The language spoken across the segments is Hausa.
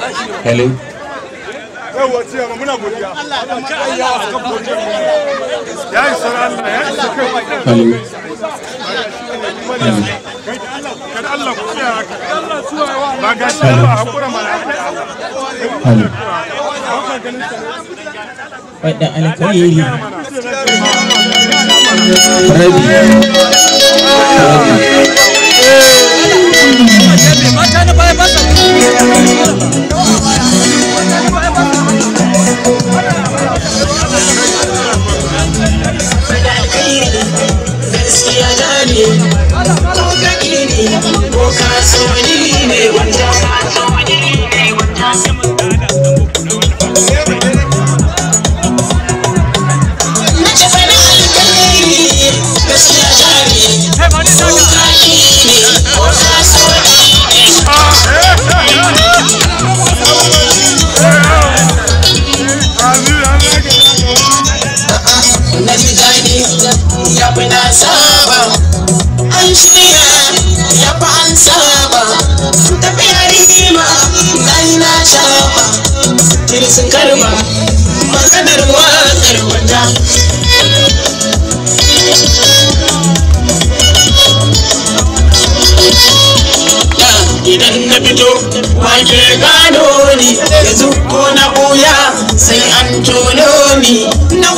hello Hello. Hello. Hello. muna Hello. Hello. Hello. Hello. Hello. Hello. Hello. Hello. Hello. Hello. Hello. hello Hello. Hello. Hello. Hello. Hello. Hello. ga Hello. Hello. Hello. Hello. hello Hello. Hello. Hello. ya fi na saba an shirya ya fi an saba tafiya rigima na yi na saba tirisin karba maganar wakar wata idan na fito wake gano ni yanzu ko na ɓuya sai an tono ni na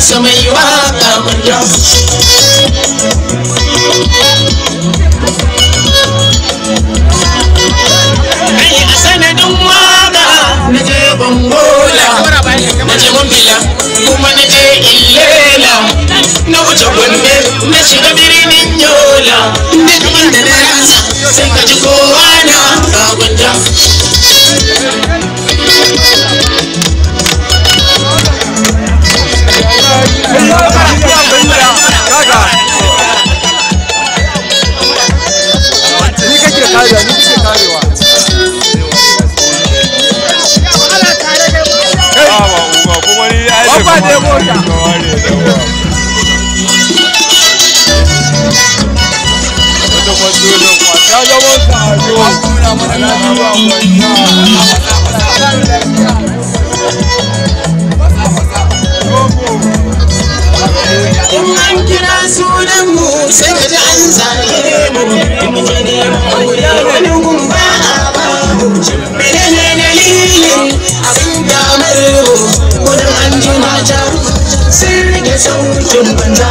some of you are coming down. matulun wata gaban karo ana an kira sunan mu sai ka ji an zage mu in wani gun ba a ba dalilin abin damar mu gudun an ma jaru sun rage saukin banza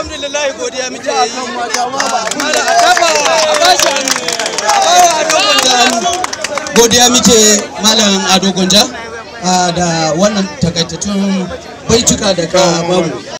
alhamdulillah godiya muke yi mala a a bashi hannu a ado godiya muke malam adogonja ah, da wannan takaitattun baituka daga babu